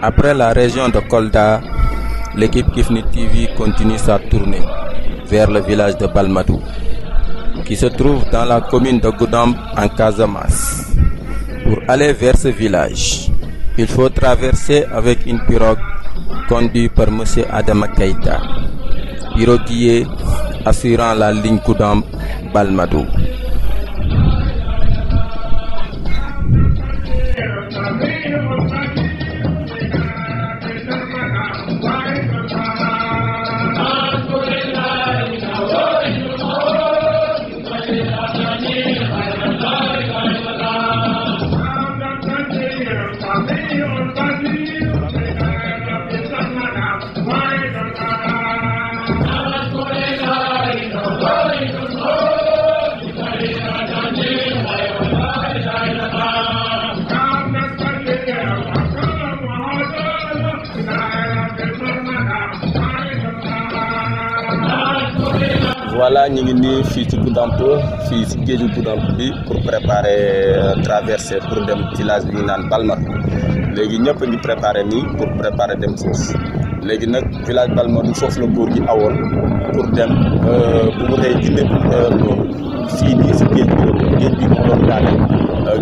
Après la région de Kolda, l'équipe Kifni TV continue sa tournée vers le village de Balmadou, qui se trouve dans la commune de Goudam en Casamas. Pour aller vers ce village, il faut traverser avec une pirogue conduite par M. Adama Keïta, piroguier assurant la ligne Goudam-Balmadou. voilà ñu ngi nii fii ci Goudomp fii ci géeju Goudomp bi pour préparer euh, traverser pour dem village bi ñu naan Balmar léegi ñëpp ngi préparer nii pour préparer dem foofu léegi nag village Balmar du foofu la góor gi awoon pour dem euh, bu mu dee dindi euh, fii nii ci géej bi géej bi mu doon daaneel.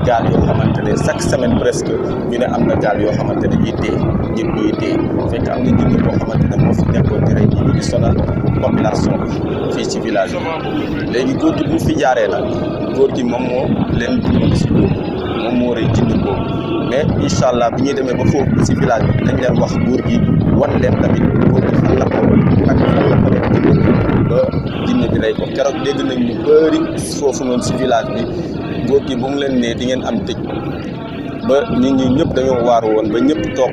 gaal yoo xamante ne chaque semaine presque ñu ne am na gaal yoo xamante ne ñuy dee ñun ñuy dee fekk am na junni boo xamante ne moo fi nekkoo di rey fii ci village léegi góor gi bu fi jaaree nag góor gi moom moo leen dund si boobu moom moo rey jind boobu mais incha allah bi ñuy demee ba foofu si village bi dinañ leen wax góor gi wan leen tamit góor gi fan la ko la ko def jind ba jinne bi rey ko keroog dégg nañ bëri foofu noonu si village bi góor gi bu mu leen nee di ngeen am tëj ba nit ñi ñëpp dañoo waar woon ba ñëpp toog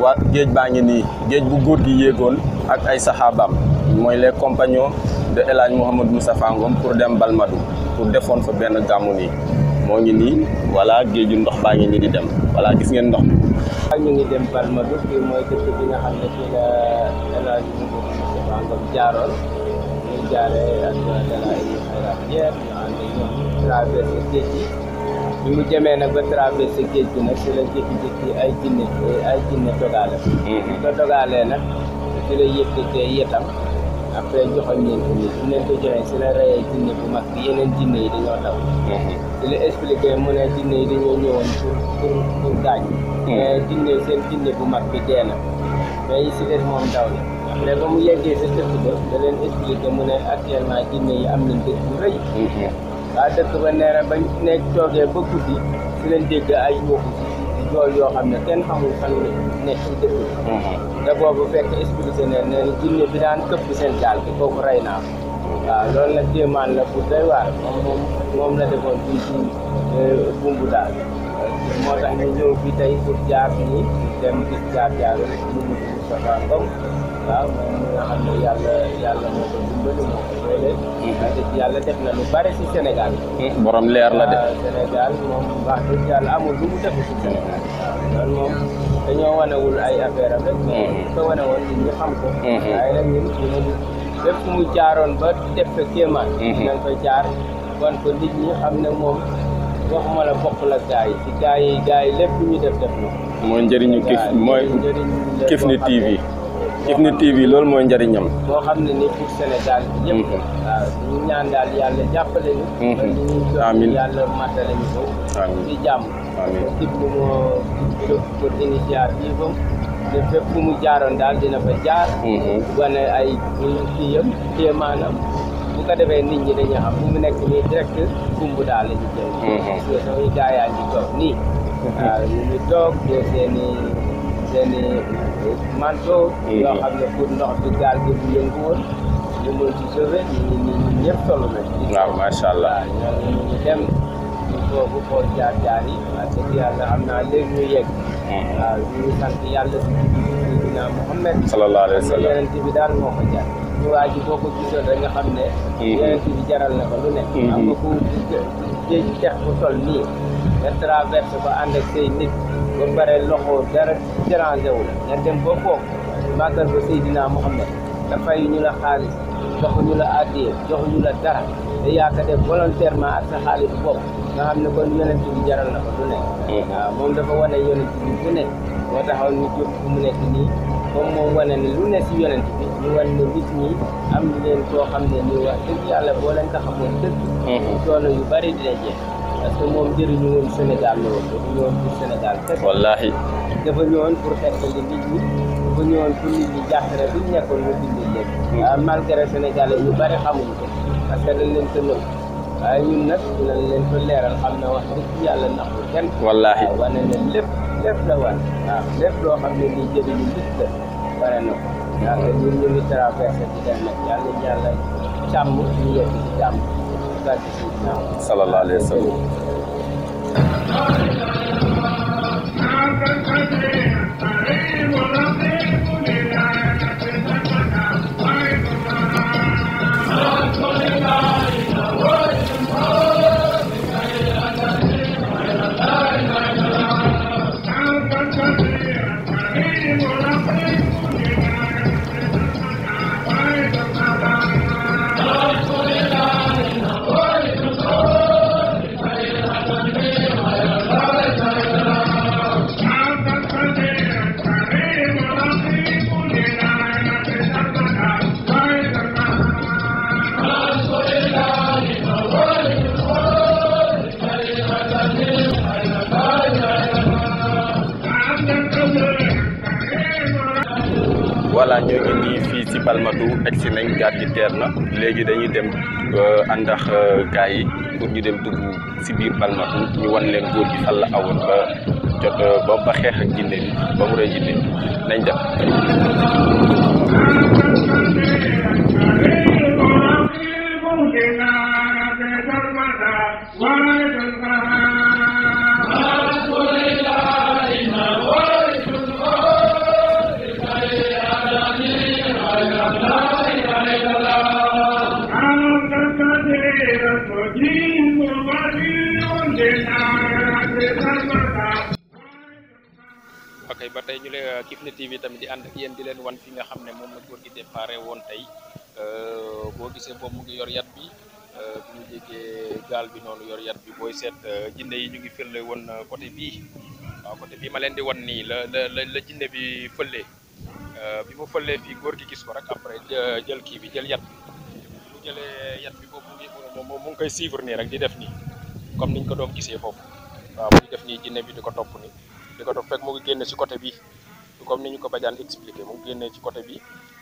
wax géej baa ngi nii géej bu góor gi yéegoon ak ay saxaabaam mooy les compagnons de El Hadj Mouhamadou pour dem Balmadou pour defoon fa benn gàmmu nii moo ngi nii voilà géeju ndox baa ngi nii di dem voilà gis ngeen ndox mi. ñu ngi dem Balmadou fii mooy bi nga xam ne fii la El Hadj Mouhamadou Moustapha Ngom jaaroon ñu jaaree ak El Hadj Mouhamadou Moustapha Ngom traversé géej gi bi mu jëmee nag ba traversé géej gi nag si la jékki ay jinne ay jinne dogaale mhm. ko dogaalee nag si la yëkkatee yetam après joxoñ leen ko nii ñu leen ko joxee si la reyee jinne bu mag bi yeneen jinne yi dañoo daw mhm. mu ne jinne yi dañoo ñëwoon pour pour pour gaañ mhm. mais jinne seen jinne bu mag bi dee na mais si des moom daw na mais ba mu yeggee sa tëkk ba da leen expliqué mu ne actuellement jinne yi am nañ dëkk rëy waa dëkk ba nee ba bañ nekk toogee ba guddi si leen dégg ay yuuxu si yoo xam ne kenn xamul fan ne si dëkk bi mhm. te boobu fekk expliqué ne nee jinne bi daan këpp seen gaal bi kooku rey naa waaw loolu na téemaan la pour doy waar moom moom la defoon fii si euh, bumbu daal moo tax ñu ñëw fi tey pour jaar nii dem gis jaar jaar ñu mujj Moustapha Ngom waaw moom mi xam ne yàlla yàlla moo ko dimbali moom yàlla def na lu bare si Sénégal. borom leer la de. Ah, Sénégal moom wax dëgg yàlla amul lu mu def si Sénégal. loolu moom dañoo wanewul ay affaire am rek. Hmm. ko wane woon ñu xam ko. Hmm. Hmm. waaye nag ñun dinañu lépp mu jaaroon ba def ko kéemaan. dinañ ko jaar wan ko nit ñi xam ne moom. waxuma la bokk la gaay yi si gaay yi gaay yi lépp ñu def def na. mooy njëriñu kif mooy Kifne TV. Kifne TV lool mooy njariñam boo xam ne ni pour Sénégal yëpp. Mm-hmm. waaw ñu ñaan daal yàlla jàppale ñu. Mm-hmm. amiin yàlla matale ñu ko. amiin ci jàmm. amiin Kifne moo jóg pour initiative mu jaaroon daal dina fa jaar. Mm-hmm. wane ay kii yëpp ko defee nit ñi dañuy xam mu nekk nii direct kumbu daal la ñu jël. parce que samay gars manteau yoo xam ne pour ndox bi gaal gi bu yëngu ñu mën ci sauvé ñu ñu ñëpp solo nañ allah ñu dem ñu foofu xool jaar jaar yi parce que yàlla xam naa léegi ñu yegg hmm. waaw ñu sant yàlla si Seydina Muhammad sallallahu alayhi wa sallam yonent daal moo ko ñu waa ji boo ko xam ne yonent bi jaral na lu nekk am nga ku géej tex bu tol nii nga traversé ko ànd nit ba pare loxo dara dérangé wu la nga dem ba foofu màggal ba Seydina Muhammad dafay ñu la xaalis joxuñu la addiya joxuñu la dara te yaa ko def volontairement ak sa xaalis bopp nga ne kon yonent bi jaral na ko du ne mm-hmm. waaw moom dafa wane yonent bi du ne moo taxaw ñu mu nekk nii moom moo wane ne lu ne si yonent bi ñu wan ne nit ñi am leen koo xam ne nii wax dëgg yàlla boo leen ko mm-hmm. yu bari dina jeex parce que moom jëriñu woon Sénégal la woon dafa ñëwoon pour Sénégal kese. wallaahi. dafa ñëwoon pour xettali nit ñi dafa ñëwoon pour nit ñi jàppale bi ñu nekkoon ñu dindi leen. waaw hmm. ah, malgré sénégalais ñu bari xamuñu ko parce que dañ leen ko nëb waaye ah, ñun nag dinañ leen ko leeral xam na wax dëgg yàlla naxul kenn. wallaahi waaw ah, wane na lépp lépp la wan waaw lépp loo xam ne nii jëriñu nit la bare na ko. waaw ñun ñu ngi traversé di dem nag yàlla yàlla càmm ñu yegg ci càmm. sallallahu alaihi wasallam I'm Palmatou egsi nañ gaat gi teer na dañuy dem euh, ànd ak euh, gars pour ñu dem dugg si biir Palmatou ñu wan leen góor gi fan la ba jot euh, ba ba ak bi ba mu nañ dem Thank you. ba tey ñu lay euh, Kifne TV tamit di ànd ak yéen di leen wan fi nga xam ne moom la góor gi déparé woon tey euh, boo gisee boobu mu ngi yor yat bi euh, bu ñu gaal bi noonu yor yat bi booy seet jinne yi ñu ngi fële woon côté bii waaw bii ma leen di wan nii la la la jinne bi fële bi mu fëlee fii góor gi gis ko rek après jël kii bi jël yat bi bu jëlee yat bi boobu mu ngi koy suivre nii rek di def nii comme niñ ko doon gisee foofu waaw muy def nii jinne bi di ko topp nii diko dox fek mo ngi génne ci côté bi comme niñu ko bajaan expliquer mo ngi génne ci côté bi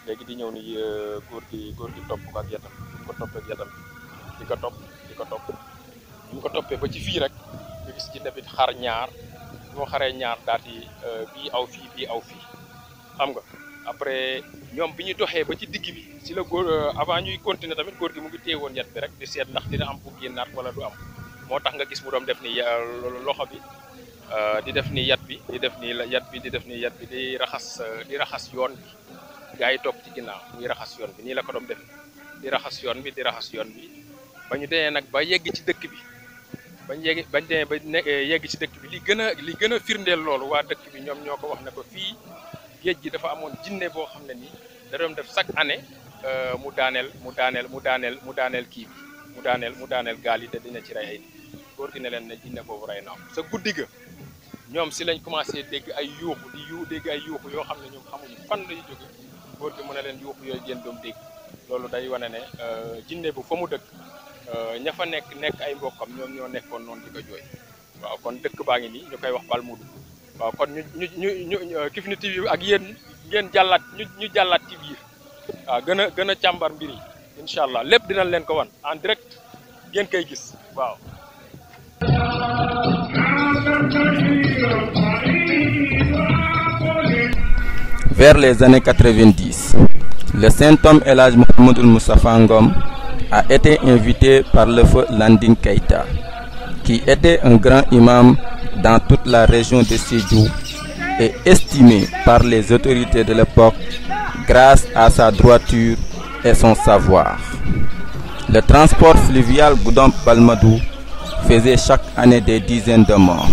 léegi di ñëw ni euh, goor gi goor gi top, ko ak yatam ko top ak yatam diko top diko top ñu ko topé ba ci fi rek ñu gis ci tamit xar ñaar mo xaré ñaar daati euh, bi aw fi bi aw fi xam nga après ñom bi doxé ba ci digg bi ci la goor euh, avant ñuy continuer tamit goor gi mu ngi téye yatt bi rek di sét ndax dina am bu gennat wala du am motax nga gis mu dom def ni loxo bi Euh, di def ni yat bi di def ni yat bi di def ni yat bi di raxas euh, di raxas yoon bi gaa yi topp ci ginnaaw muy raxas yoon bi nii la ko doon def di raxas yoon bi di raxas yoon bi ba ñu demee nag ba yegg ci dëkk bi bañ yegg bañ demee ba euh, yegg ci dëkk bi li gën a li gën a firndeel loolu waa dëkk bi ñoom ñoo ko wax na ko fii géej gi dafa amoon jinne boo xam ne nii da doon def chaque année mu daaneel mu daaneel mu daaneel mu daaneel kii bi mu daaneel mu daaneel gaal yi te dina ci rey ay góor gi ne leen ne jinne boobu rey na sa guddi ga ñoom si lañ commencé dégg ay yuuxu di ay yuuxu yoo xam ne ñoom xamuñu fan lañu jóge góor gi mën a leen yuuxu yooyu génn doom dégg loolu day wane ne euh, jinne bu fa mu dëkk euh, ña fa nekk nekk ay mbokkam ñoom ñoo nekkoon noonu di ko jooy waaw kon dëkk baa ngi nii ñu koy wax Balmoudou waaw kon ñu ñu ñu euh, Kifne TV ak yéen ngeen jàllaat ñu ñu jàllaat ci biir waaw gën a gën a càmbar mbir yi incha allah lépp dinañ leen ko wan en direct ngeen koy gis waaw. Vers les années 90, le homme Homme l'âge Moustapha Ngom a été invité par le feu Landin Kaita, qui était un grand imam dans toute la région de Sidjou et estimé par les autorités de l'époque grâce à sa droiture et son savoir. Le transport fluvial Goudam palmadou faisait chaque année des dizaines de morts.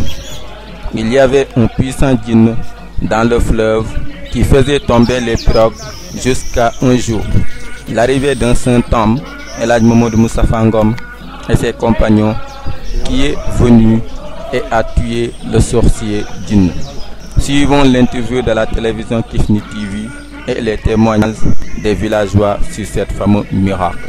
Il y avait un puissant djinn dans le fleuve qui faisait tomber les progues jusqu'à un jour. L'arrivée d'un saint homme, et Momo de Fangom et ses compagnons, qui est venu et a tué le sorcier djinn. Suivons l'interview de la télévision Kifni TV et les témoignages des villageois sur cette fameux miracle.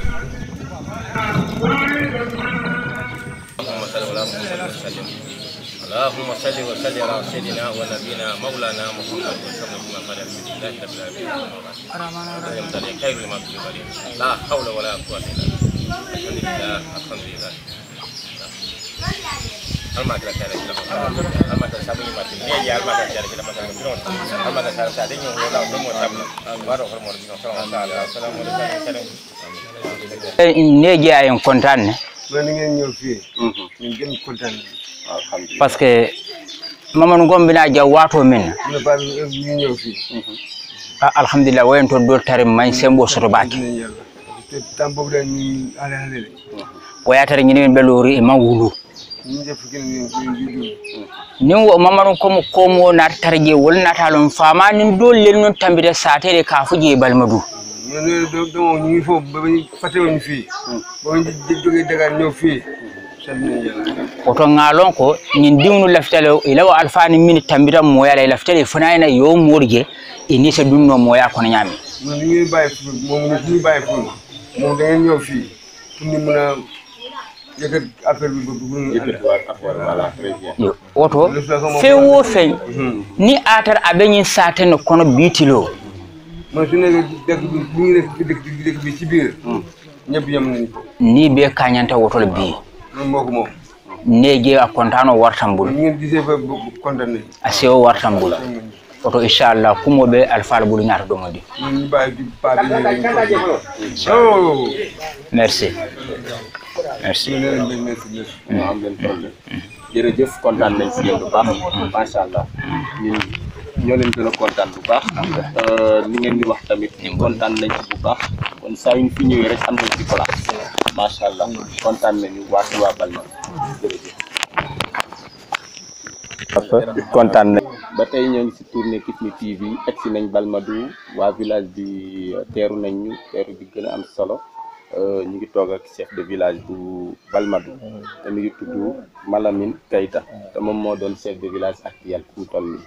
Allahumma salli wa salli ala sayyidina wa مولانا maulana Muhammad sallallahu alaihi وسلم ini mati ya kita kita yang kita semua sama baru kontan loolu ni ngeen ñëw fii min gën kontaan parce que mamadou gombina jaw waato min ne ba ñu alhamdulillah wayen to do tare man sembo soto baake tambo de ni ale ale waya mm-hmm. tare ñini men belori e mawulu mm-hmm. nin wo mamadou komo komo naata tare je wol naata lon faama nin do lel non tambire satere ka fuje balmadu ñooñu doomu ñu fii hmm. ba ñëw fii sant nañu yàlla koto ŋaalon ko ñin diŋnu lafitale ilawo alfaani mini tambita mooya la lafitale fana na yo moorje i nise dunno mooya kono ñaami ñun ñu ngi bàyyi fu moom ñu ngi bàyyi fu moom da ñëw fii pour ñu mën a yëkkat affaire bi bu hmm. ni atar abe ñin saate no kono biitiloo man su nekkee dëkk bi bi ci biir. ñëpp nii bee kañante wotol bii. man moo ko moom. nee jee a kontaanoo wartambul. ngeen gisee fa kontaanee. a sewo wartambul. oto inchallah kumo ɓe alfaala ɓuri ñaata ɗomodi oh. merci merci mm. jërëjëf kontaan nañ ñoo leen gën kontaan bu baax euh, ni ngeen di wax tamit kontaan nañ ci bu baax kon saa yuñ fi ñëwee rek am nañ ci place macha allah kontaan waa kontaan nañ ba tey ñoo ngi si TV egg si nañ Balmadou waa village bi euh, teeru nañ ñu teeru bi gën a am solo euh, ñu ngi toog ak chef de village bu Balmadou te mi ngi tudd Malamine Keita te moom moo doon chef de village actuel toll nii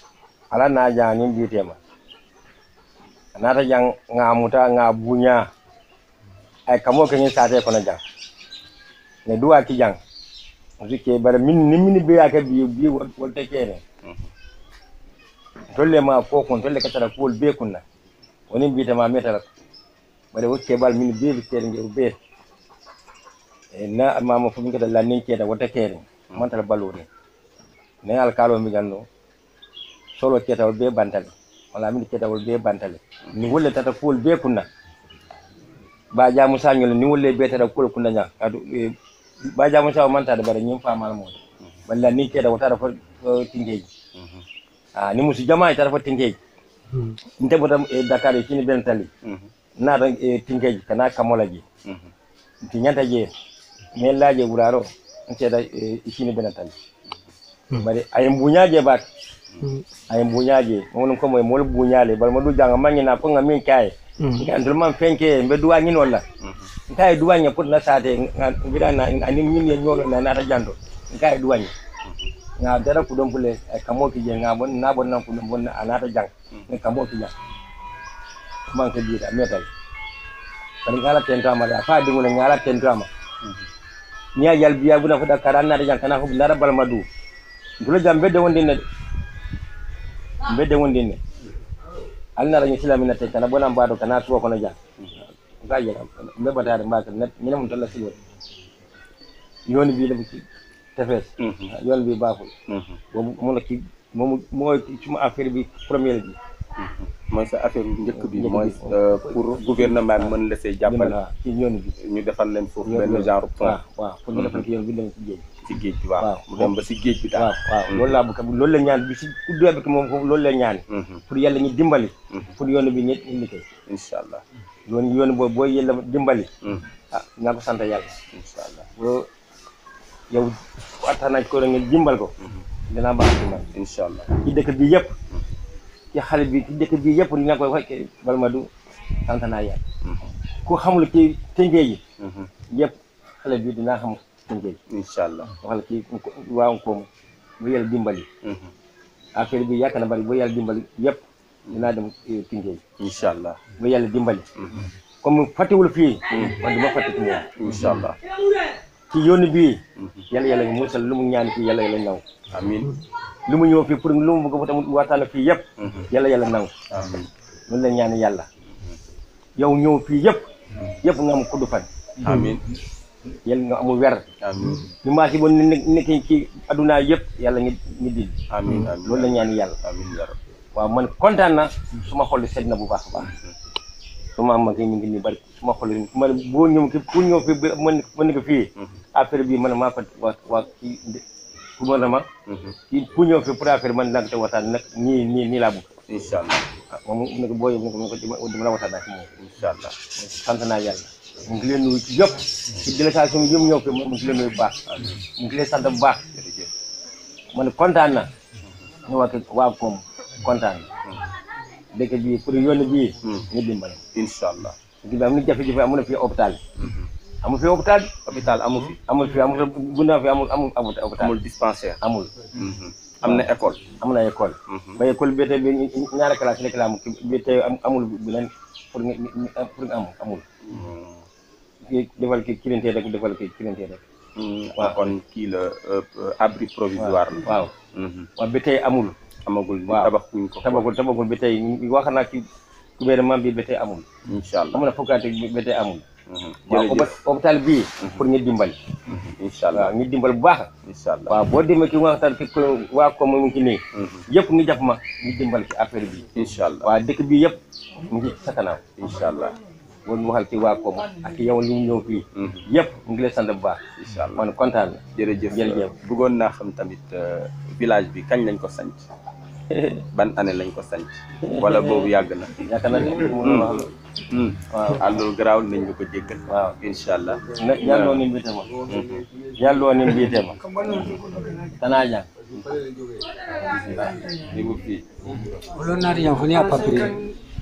ala na jang nin ditema anata jang nga muta nga bunya ay kamo ke ngin sate kono jang ne duwa ki jang zike bar min ni min be yake bi bi wolte kene tolle ma ko kon tolle ka tara kol be kunna woni bi tama metara bare wotte bal min be bi kere ngir be na mama fu min lanin ke da wata kere man tara balone ne alkalo mi ganno solo ketawol be bantale wala min ketawol be bantale ni wolle tata kuwol be kunna ba jamu sañol ni wolle be tata kuwol kunna ña kadu e, ba jamu sawo mantade bare ñim famal mo walla ni keda wotata fo e, tinkeji a ah, ni musu jama tata fo tinkeji nte bota e dakar e kini ben tali naata e kana kamola je ti ñanta je mais laaje wuraro nteeda e kini bena tali hmm. bari ay mbuñaje baake Mm. ay buñaje mon ko moy mol buñale bal modu janga mangi na ko ngami kay mm. kan dul man fenke be duwa ni non la mm-hmm. kay duwa ni put na sate ngira na ani min ye nyolo na na jando kay duwa ni mm-hmm. nga dara ku don pule eh, kamo ki je nga bon na bon na ku don bon na anata jang mm-hmm. ne kamo ki jang man ke dira metal kan ngala tentama da fa dingula ngala tentama ni ya yal biya buna fu da karana da jang kana fu lara bal madu dul jambe de wonde na mbedde wondinne alnarañi silamina te kana bonan mbaɗo kana suwa kono jang ka jega mbeɓatade mbaka mine mum talla siwol yoni mbiɗem ki tefes yoni mbi bafol mono ki moom mooy suma affaire bi première bi mm-hmm. mooy sa affaire njëkk bi mooy euh, pour gouvernement bi mën la see jàppale ci yoon bi ñu defal leen foofu benn genre waaw ah, waaw pour ñu defal ki yoon bi dem ci géej si géej bi waaw mu dem ba bi mm-hmm. loolu la ñaan bi si kuddee bi moom loolu la ñaan mm-hmm. pour yàlla ñu dimbali mm-hmm. pour yoonu bi ñëpp indi ko incha allah yoon yoonu boobu boo yàlla dimbali ah naa ko sant yàlla incha allah boo yow attan naaj ko da nga dimbal ko dinaa baax ci man incha allah ci dëkk bi yëpp ci xale bi bi yëpp dina koy waxee ma du sant naa yàlla Tëngéej. incha allah wax kii waa mm-hmm. bi yaakaar na bari bu yàlla dimbali yëpp dinaa dem eh, Tëngéej. incha allah mm-hmm. mm-hmm. allah ci yoon bii. yàlla yàlla ñu musal lu mu ñaan fii yàlla yàlla ñaw. lu mu ñëw fii pour lu mu bëgg tamit waxtaan fii yëpp. yàlla yàlla naw. amiin loolu la ñaan yàlla. yow ñëw fii yëpp. nga am kudd fan. amiin yal nga amul wer amiin ñu maas yi ba nekk ci addunaa yëpp yàlla nga ñu loolu la ñaan yàlla amiin man kontaan suma xol sedd na bu baax a baax suma ma ki ñu ngi ni bari suma xol ma boo ñëw ki pour ñëw fi ma nekk fii mhm. affaire bi man maa fa waa waa kii gouvernement kii mhm. pour ñëw fi pour affaire man laa ko te waxtaan nag nii nii nii laa a incha allah ah, moom nag boo yëg nag dama la moom incha allah sant naa mu ngi leen nuyu ci yëpp ci délégation yëpp ñëw fi mu ngi leen nuyu bu baax mu ngi leen sant bu baax ma ne kontaan na ñu wax waa koom kontaan na dëkk bii pour yoon bii ñu dimbale incha allah dëkk bi am na jafe-jafe amu na fii hôpital amul fi hôpital hôpital amul fi amul fi amul bunaa fi amul amul hôpital amul dispensaire amul mm-hmm. na école am na école mm-hmm. ba école bi tey bi ñaari classe rek la bi tey amul bu leen amul mm-hmm. kii defal kii clientèle rek defal kii clientèle rek. waaw la abri waaw waaw euh, euh, hmm. amul. amagul tabaxuñ ko tabaxul tabaxul ba tey wax naa ci gouvernement bi ba tey amul. incha allah amul na fukkaate ba tey amul. Hmm. jërëjëf bii. Hmm. pour ñu dimbali. incha allah waaw dimbal bu baax. incha allah waaw boo demee ci waxtaan ki waa ko ngi ci nii. yëpp ñu jàpp ma dimbal ci affaire bi. incha allah waaw dëkk bi yëpp mu ngi ci sa kanam. allah. war mu waxal ci waa koom ak yow li ñu fii mhm. yëpp mu ngi lay sant bu baax incha allah man kontaan na jërëjëf jërëjëf bëggoon naa xam tamit euh, village bi kañ lañ ko sanc ban année lañ ko sanc wala boobu yàgg na yaakaar naa mhm. mhm. waaw allol garaawul nañ ñu ko jéggal waaw incha fii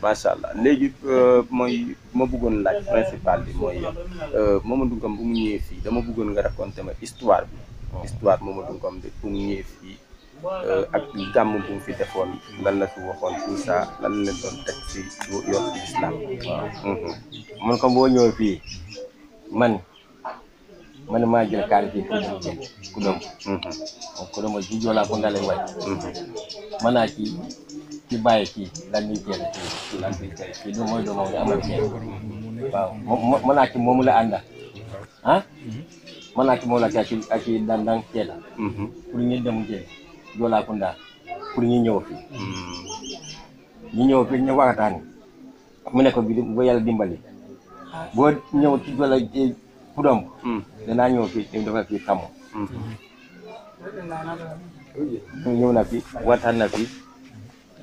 macha allah léegi euh, mooy ma bëggoon laaj principal bi mooy euh, Mamadou Ngom bu mu ñëwee fii dama bëggoon nga raconté ma histoire bi. Oh. histoire Mamadou Ngom de bu mu euh, ak gàmm bu mu fi defoon lan la la doon teg si yoon ci islam. Mhm. boo ñëwee fii man man maa jël kaar fii ku dëmb. ku dëmb ji joolaa ko ndale waay. mën mhm. naa ci. ki bàyyi kii lan muy teel kii lan muy teel kii du mooy doomam nga amal teel waaw mën naa moomu la ànda ah mën naa ci moom la ci ak ci dandang teel pour ñu dem teel Joolakunda ñu ñëw fii ñu ñëw fii ñu waxtaan mu ne ko bi ba yàlla dimbali boo ñëw ci joola pudomb mm-hmm. danaa ñëw fii dañ dafa fii xamu mm-hmm. ñëw na fii waxtaan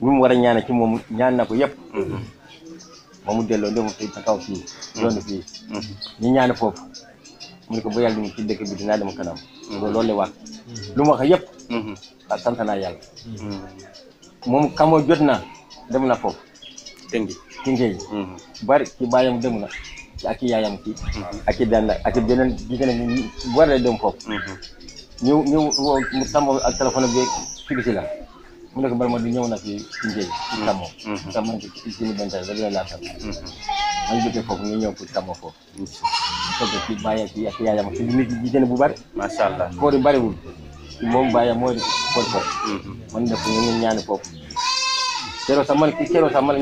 bu mu war a ñaane ci moom ñaan na ko yëpp mhm. mu delloo de fii sa kaw fii loolu mhm. fii mhm. ñu ñaan foofu mu ne ko bu yàlla mu ci dëkk bi dinaa dem kanam loolu la wax lu mu wax yëpp sant naa yàlla moom kamoo jot na dem na foofu tëngi tëngi bari ci bàyyam dem na ak ci yaayam ci ak ci benn ak ci beneen jigéen war a dem foofu ñu ñu mu tàmbali ak téléphone bi si la mu ne mm-hmm. mm-hmm. ko mm-hmm. bala di ñëw na fi Ndiaye. ci Tamba. ndax man ci ci suñu benn taal ba dina foofu ñu ñëw pour a ci bàyyi bu bari macha allah koor yi bëriwul. moom bàyyi mooy di koor foofu. man def ko ñu ñaani foofu. keroog sax man keroog sax man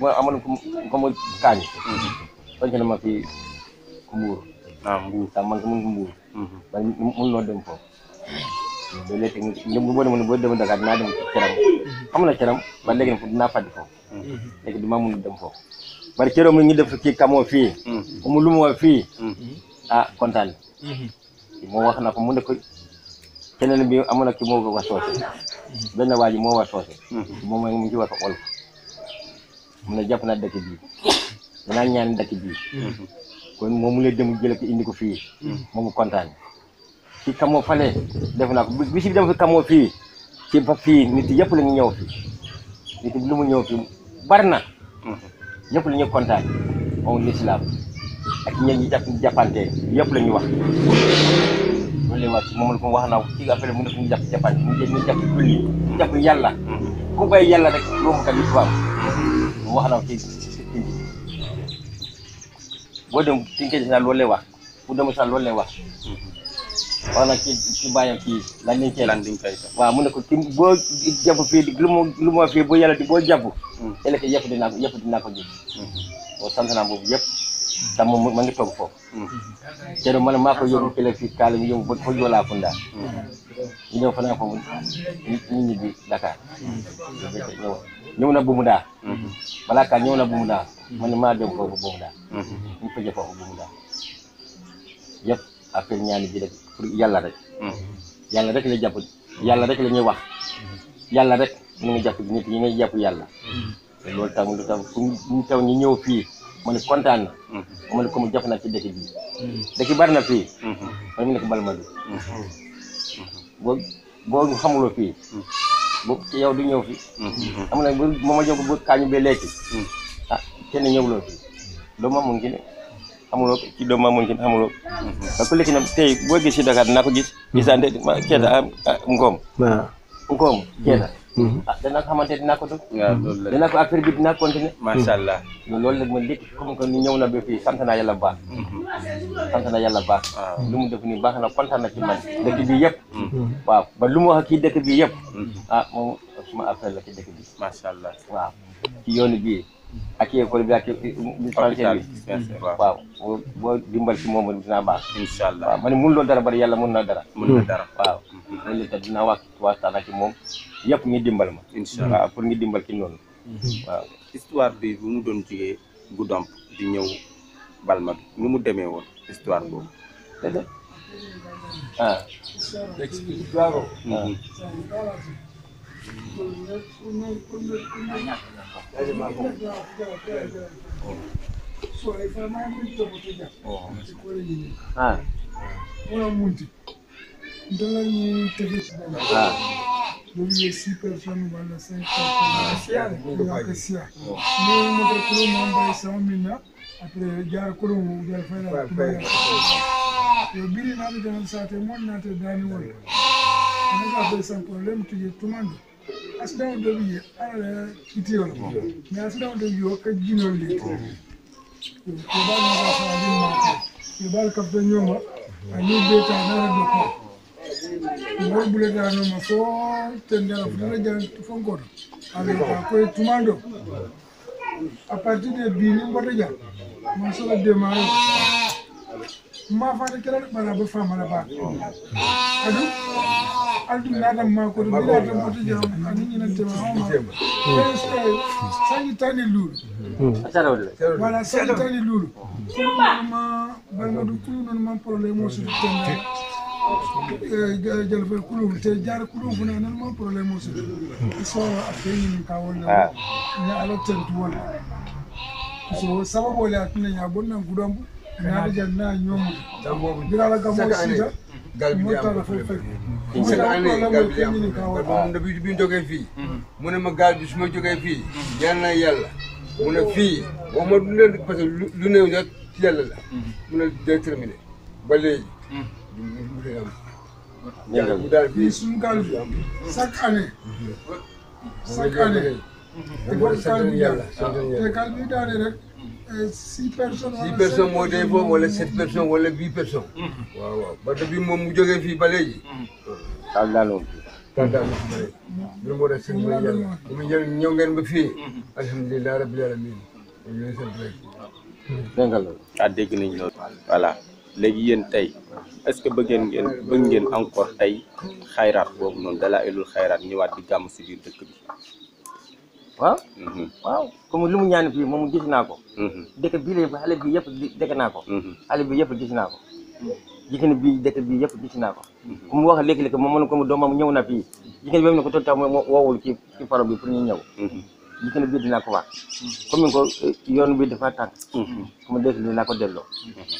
ma ma kaañ. soññ na ma fi Mbour. ah Mbour sax man ko foofu. ba léegi ñu boo demoon boo demoon Dakar dinaa dem Cëram mhm. xam nga Cëram ba léegi nag dinaa fàtte foofu mhm. léegi du mun dem foofu bari Cëram mi ñu def kii kamoo fii mhm. mu lu ma fii ah kontaan moo wax na ko mu ne ko keneen bi amoon na ki moo wax soose benn waa ji moo wax soose moom mooy mu ci wax olof mu ne jàpp naa dëkk bii danaa ñaan dëkk bii kon moom mu lay dem jële ko indi ko fii moomu kontaan ci kamoo fale def naa ko bi si fi kamoo fii ci ba fii nit yëpp la ñu fii nit lu mu ñëw fii bari na ñëpp la ñu kontaan moom lislaam ak ñeen ñi jàpp jàppante yëpp la moom la wax naa ci mu nekk ñu jàpp yàlla ku bay yàlla rek doomu kat lislaam mu wax naa ci ci boo dem ci ngeen si loolu lay wax bu dem si loolu lay wax wax na ci ci bàyyam kii Landing Keita Landing Keita mu ne ko ki boo jàpp fii lu mu lu ma fii bu yàlla di boo jàpp ëllëg hmm. yëpp dinaa ko yëpp ko ji hmm. boo sant naa boobu yëpp te moom ma ngi toog foofu cero hmm. man maa ko yóbbu fële fii kaala mu yóbbu ba fa Joolaa Funda ñu ñëw fanaan foofu ñu ñibbi Dakar ñëw ñëw na buumu daa balaa kaa ñëw na buumu daa man maa dem foofu buumu daa ñu fëje foofu buumu daa yëpp affaire ñaani ji la bi pour yàlla rek. Mm. yàlla rek la jàpp yàlla rek la ñuy wax yàlla rek ñu ngi jàpp nit ñi ngay jàpp yàlla. te mm. loolu tax lu tax fu ñu ñëw fii ma ne kontaan na. Mm. ma ne comme jàpp naa ci dëkk bi. dëkk bari na fii. wala mu nekk Balmadi. boo boo xamuloo fii. boo ci yow du ñëw fi. am na bu ma bu kaañu ba léegi. ah kenn ñëwuloo fii loolu moom mu ngi ne. xamuloo ko kii doomu a mun a xamuloo ko ku lekk a tey a gis si Dakar naa ko gis gisante ma keeta a ngoom ngoom keeta ah, mm-hmm. ah danaa ko xamante dinaa ko dugg danaa ko affaire bi dinaa continuer macha allah mm-hmm. loolu nag man ba fii sant naa yàlla baax mm-hmm. sant naa yàlla baax lu mu def nii baax na kontaan na ci dëkk bi yëpp waaw ba lu a wax kii dëkk bi yëpp ah moom suma affaire la ci dëkk bi macha waaw ci yoonu bii ak école bi ak hôpital bi waaw boo dimbal ci moom dinaa baax incha allah waaw ma ne mun loolu dara bari yàlla mun na dara mun na dara waaw dañ la ta dinaa wax waxtaan ak moom yëpp ngi dimbal ma incha allah waaw pour ngi dimbal ci noonu mm-hmm. waaw histoire bi bu mu doon jugee Goudomp di ñëw Balma bi nu mu demee woon histoire boobu dëgg ah Wala ah. munti. Dala ni tege si dala. Dali ye si personne wala cinq personnes. Wala kasiya. Ne mota kuro mamba isa omina. Après ah. jara kuro mu jara fera kuma ya. Yo biri na bi dana sa te mon na te dani wala. Ne ka be sans problème tu ye tout le monde. accident dɔ bi yɛ an ah, yɛrɛ ti ti yɔrɔ ka ji n'o le tɛ b'a yɛrɛ ka fara di maa kan o b'a ka fɛn ɲɔgɔn ma ani bɛɛ ta n'a yɛrɛ dɔ kɔ o da ɲɔgɔn ma fo tɛntɛn la fo ne jɛn fɛn kɔ don a bɛ ko a partir de bi ni n bɔtɔ jan mafata kiran bala ba fa mara ba adu adu na da ma ko da da mutu ja ani ni nan tema ma sai tani lulu wala sai tani lulu kuma ma ban ma du kulu non man problème o su tende jalfel kulum te jar kulum funa nan man problème o su so a tayi ka wala ya tentu tuwala so sababu wala tunan ya bonnan gudan ñaari jël naa ñoom. bira la gamoo siita moo tax la fay fekk chaque année gaal bi am moom da bi ñu jógee fii mu ne ma gaal bi su ma jógee fii yal na yàlla mu ne fii wax ma leen parce que lu néew da ci yàlla la mu ne déterminé bu daal fii suñu gaal bi chaque année chaque année te gaal bi daal te rek six personnes six personnes moo dee foofu wala sept personnes wala huit personnes. Mm-hmm. waaw waaw moom mu jógee fii ba léegi. Mm-hmm. daal daal daaloon ba léegi. ñu moo def ngeen ba fii. Mm-hmm. alhamdulilah rabbil alamin ñu dégg ah, nañ loolu. voilà léegi yéen tey est-ce que bëggeen ngeen bëgg ngeen encore tey xayraat boobu noonu dalaa ilul xayraat ñëwaat di gàmm si biir dëkk bi. waaw mhm. waaw comme li mu ñaan fii moom gis naa mhm. dëkk bii la bi yëpp dëkk naa ko mhm. xale bi yëpp bi dëkk bi yëpp gis naa ko mu wax léegi-léegi moom mën ko doomam ñëw na fii jigéen bi mu ne ko bi pour ñu ñëw jigéen ko wax comme ko eh, yoon bi dafa tàng comme dégg dinaa ko delloo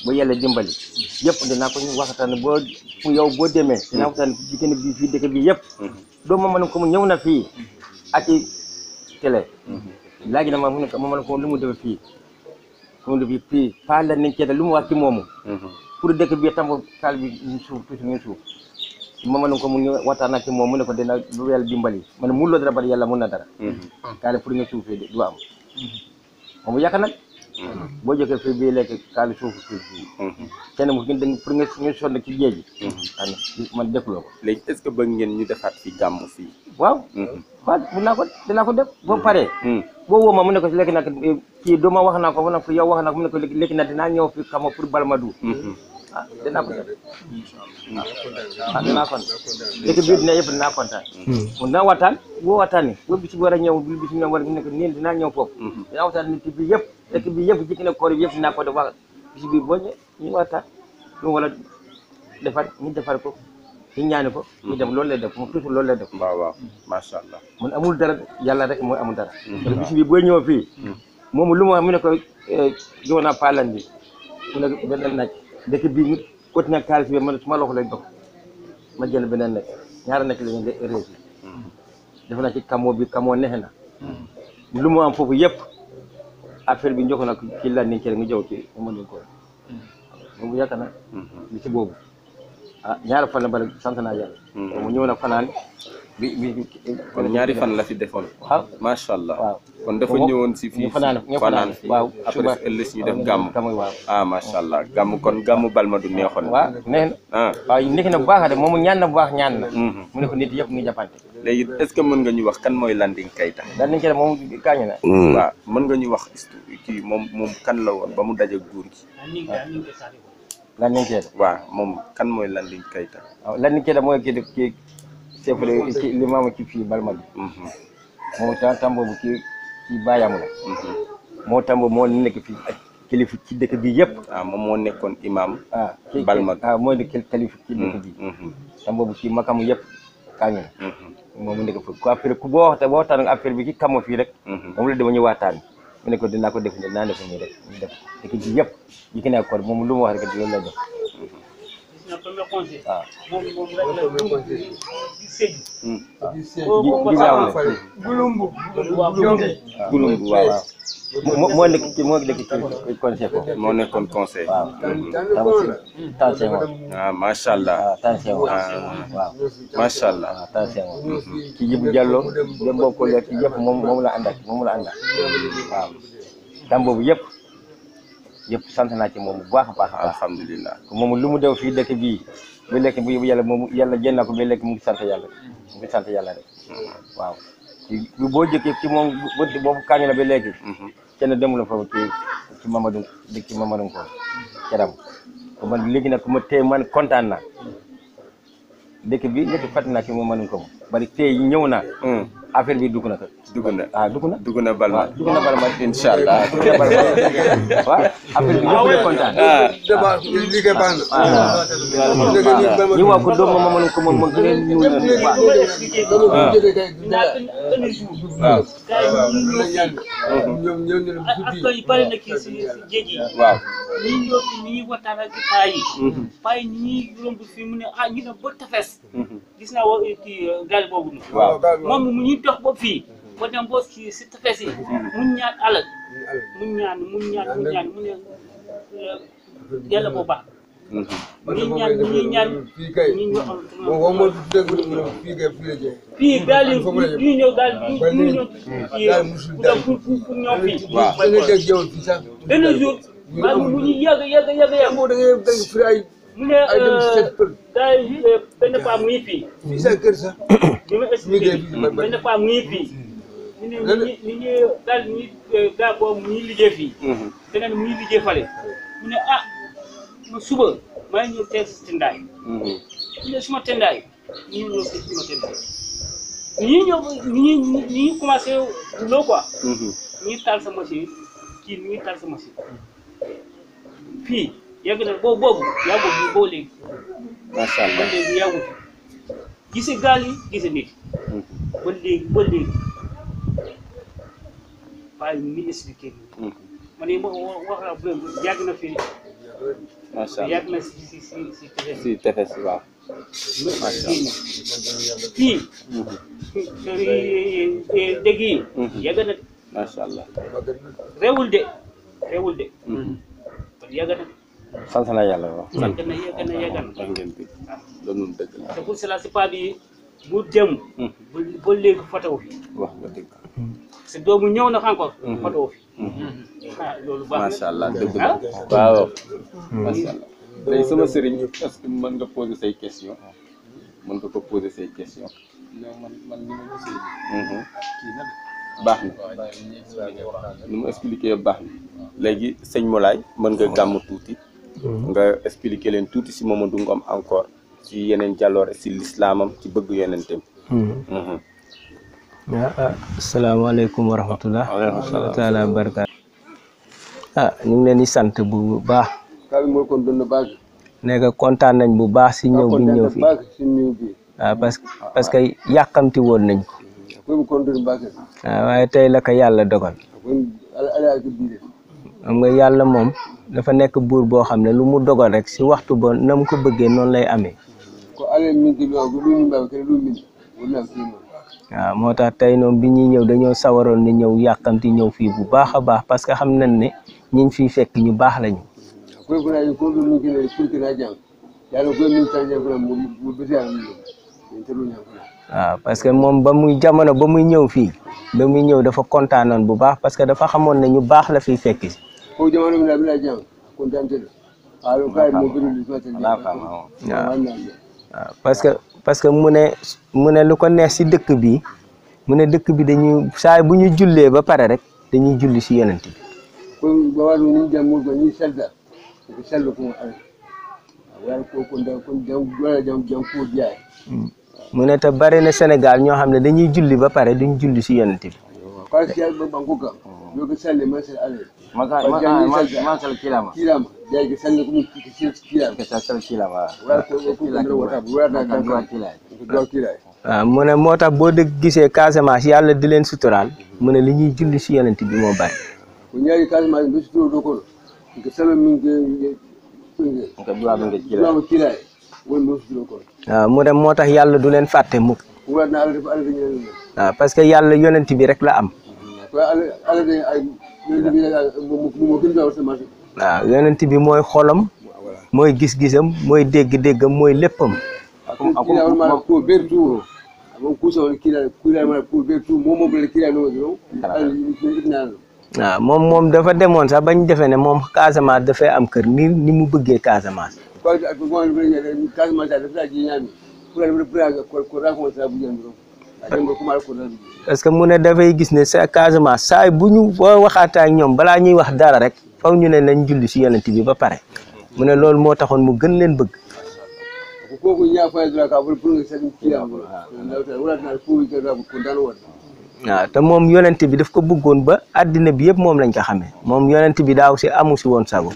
ba yàlla dimbali yëpp dinaa ko waxtaan boo fu boo demee dinaa waxtaan jigéen bi fii dëkk bi yëpp doomam mën ko mu fii télé laaj na ma mu ne ko ma ne ko lu mu def fii lu mu def fii paalal nañ ceeta lu mu wax ci moomu pour dëkk bi tam taal bi ñu suuf tuuti ñu suuf ma ma ne ko mu ngi waxtaan ak ci moom mu ne ko dina lu yàlla dimbali ma ne mënuloo dara bari yàlla mën na dara mhm. kaale pour nga suufee du am moom yàq nag boo jëkkee fii bii lekk kaali suufu suuf bii. kenn mu gën da pour nga nga sonn ci géej gi. man defuloo ko. léegi est-ce que bëgg ngeen ñu defaat fi gàmm fii. waaw. Mm-hmm. waaw mun naa ko dinaa ko def boo paree. Mm-hmm. boo woo ma mu ne ko si lekk nag eh, kii doo ma wax naa ko mu ne ko yow wax naa ko mu ne ko lekk na dinaa ñëw fi xama pour Balmadou. Mm-hmm. ah dinaa ko def ah dinaa kontaan léegi biir dina yëpp dinaa kontaan. mun naa waxtaan boo waxtaanee boo bis bu war a ñëw bis bu ñëw war a nekk nii dinaa ñëw foofu. dinaa waxtaan nit bi yëpp. dëkk bi yëpp jikki na koor bi naa ko def wax boo ñëwee ñu defar ñu defar ko ñu ñaani ko ñu dem loolu lay def moom toujours loolu lay def waaw waaw macha allah mun amul dara yàlla rek mooy amul dara mm-hmm. bis bi boo ñëw fii mm-hmm. moom lu mu ne ko jox eh, naa paalan bi mu ne benn naaj dëkk bi côté na xaalis bi ma ne suma loxo dox ma jël beneen nag ñaari nag la ñu réussir mm-hmm. def na ci kamoo bi kamoo nexe na lu mu am foofu yëpp affaire bi njokkoon ak kii laaj nañ cere nga jaww ci mu na bi ci boobu ah ñaari fan la ba sant naa yàlla mu hmm. ñëw fanaan bi ñaari fan la fi defoon waaw macha allah kon dafa ñëwoon si fii fanaan fanaan fii waaw après ëllëg ñu def gàmm waaw ah macha allah gàmm kon gàmm balma du neexoon waaw neex na ah. waaw na bu baax de moom bu baax ñaan hmm. mu ne ko yëpp ngi jàppante léegi est-ce que mën nga ñu wax kan mooy Landing Keita. Landing Keita moom gaañu na. Hmm. waaw mën nga ñu wax kii moom moom kan la woon ba mu daje góor gi. Landing Keita. moom kan mooy Landing Keita. waaw ah, Landing Keita mooy kii kii chef de kii li maamu ci fii Balma bi. Mhm. moo tax tam boobu kii kii la. Mhm. moo tam moo nekk fii ak kilifa ci dëkk bi yëpp. waaw ah, moom moo nekkoon imaam. Ah, Balma bi ah mooy kilifa ci dëkk bi. Mhm, tam boobu kii makamu yëpp gaañu na. moom mu nekk foofu ku boo waxtaan boo waxtaan affaire bi ki kamo fii rek moom la dama ñu waxtaan mu ne ko dinaa ko def nii naa def nii rek ñu def te ki ji yëpp yi ki nekk kon moom lu mu wax rek loolu la def waaw gulumbu waaw moo moo nekk ko nekkoon conseil. waaw mm-hmm. tension ah, ah, ah. waaw macha allah waaw tension waaw macha mm-hmm. allah waaw tension ci Djibou Diallo dem ko ci yëpp moom la ànd moom la ànd ak waaw dam boobu yëpp sant naa ci moom bu baax a baax a moom lu mu dew fi dëkk bii ba lekk bu yàlla moom yàlla jënd ko lekk mu ngi sant yàlla mu ngi sant yàlla mm-hmm. boo jëkkee ci moom boobu kañ la ba léegi kenn demul foofu ci ci Mamadou ci Mamadou Ngom Thiadam man léegi nag ma tey man kontaan naa dëkk bi léegi fàttali naa ci Mamadou Ngom bari tey ñëw naa. Mm. affaire bi dugg na ko. dugg na ah dugg na. dugg na Balma dugg na Balma incha allah. waaw affaire bi ñëpp kontaan. ah ah liggéey baax na. ñu wax ko doom ma ma mën ko moom ma gën a ñëw na. Ah. waaw waaw. ñoom ñoo ñu guddi. askan wi bari na kii si géej yi. waaw. ñi ñoo fi ñi waxtaan ak paa yi. paa yi ñi romb fii mu ne ah ñu ne ba tefes. Mm-hmm. gis naa wa kii uh, gaal boobu nu waaw moom mu ñuy dox ba fii mm-hmm. ba dem ba kii si tefes yi mm-hmm. mun ñaan alal mun ñaan mun ñaan mun ñaan mun yàlla boo baax ñii ñaan ñii ñaan fii kay moom moo dégg fii kay fii la jëm fii gaal yi ñu ñëw gaal ñu ñëw pour pour ñëw fii waaw benn jour maa ngi mu ñu yàgg yàgg yàgg yàgg da ngay da ngay firi ay mu ne euh, gars yi euh, benn femme mu ngi fii. fii sa kër sax. ñu ngi expliqué benn femme mu ngi fii. ñu ne ñu ngi ñu ngi daal ñu ngi gaa boobu mu mhm. mu ngi liggéey fale. mu ne ah suba maa ngi ñëw teg si tendaay. Mhm. mu ne suma tendaay ñu ngi ñëw suma tendaay. ñi ñëw ñi ñi ñi loo quoi. Mhm. ñu ngi taal sa machine kii ñu ngi taal sa machine fii. yàgg hmm. hmm. na boobu boobu yàggul ñu boo léegi. macha allah ba léegi yàggul mi expliqué ma wax la yàgg na fii. macha allah yàgg na si si tefes. si tefes waaw. macha allah kii. de hmm. réewul de. kon sant naa yàlla waaw. sant na yeggal na yeggal loolu moom dëgg la. te bu si la si paa bi bu dem. Hmm. ba léegi fotow fi. wax nga dëgg. si ñëw na encore. fotow hmm. fi. Hmm. ah loolu baax na macha allah dëgg la ah? waaw. macha allah tey sama sëriñ est-ce que mën nga poser say questions. mën nga ko poser say questions. non man man ni ma gisee. kii baax na nu mu expliqué baax na léegi sëñ Moulay mën nga gàmm tuuti. Mhm. nga expliquer leen tuuti si Mamadou Ngom encore si yeneen jàlloore si lislaamam si bëgg yonentam mhm. mhm. ah asalaamaaleykum ah, wa rahmatulah. wa taala ah ñu ngi leen di sant bu baax. nekk kontaan nañ bu baax si ñëw bi ñëw fii waaw ah, parce que parce woon nañ ko. Ah, waaye tey la ko yàlla dogal. xam nga yàlla moom dafa nekk buur boo xam ne lu mu dogal rek si waxtu ba na mu ko bëggee noonu lay amee waaw moo tax tey noonu bi ñuy ñëw dañoo sawaroon ne ñëw yàkkamti ñëw fii bu baax a baax parce que xam nañ ne ñiñ fi fekk ñu baax lañu waaw parce que moom ba muy jamono ba muy ñëw fii ba muy ñëw dafa kontaanoon bu baax parce que dafa xamoon ne ñu baax la fi fekk si ko jamanu min abila jan kontante do alo kay mo biru li fata ni parce que parce que mu ne mu ne ko neex si dëkk bi mu ne dëkk bi dañuy saa bu ñu jullee ba pare rek dañuy julli si yonent bi kon bawaru ni jam mo ni ne te bari na Sénégal ñoo xam ne dañuy julli ba pare duñ julli si yonent bi masal kilama kilama jayge sanne ko ɗum kilama sal kilama waɗa kila mu ne moo tax boo dëgg gisee Casamance yàlla di leen suturaal mu ne li ñuy julli si yonent bi moo bari ko ñaari Casamance mbi suturo ɗo kono ko sama min ko duwaɓe ah, kilama mu ne moo tax yàlla du leen fàtte mu waɗna ah, parce que yàlla yonent bi rek la am waaw yonent bi mooy xolam mooy gis-gisam mooy dégg-déggam mooy léppam waaw moom moom dafa demoon sax bañ defee ne moom Casamance dafay am kër ni ni mu bëggee Casamance Casamance parce que mu ne dafay gis ne sa Casamance saa bu ñu boo waxaata ak ñoom balaa ñuy wax dara rek faw ñu ne nañ julli si yonent bi ba pare mu ne loolu moo taxoon mu gën leen bëgg. waaw te moom yonent bi daf ko bëggoon ba addina bi yëpp moom lañ ko xamee moom yonent bi daaw si amu si woon sago.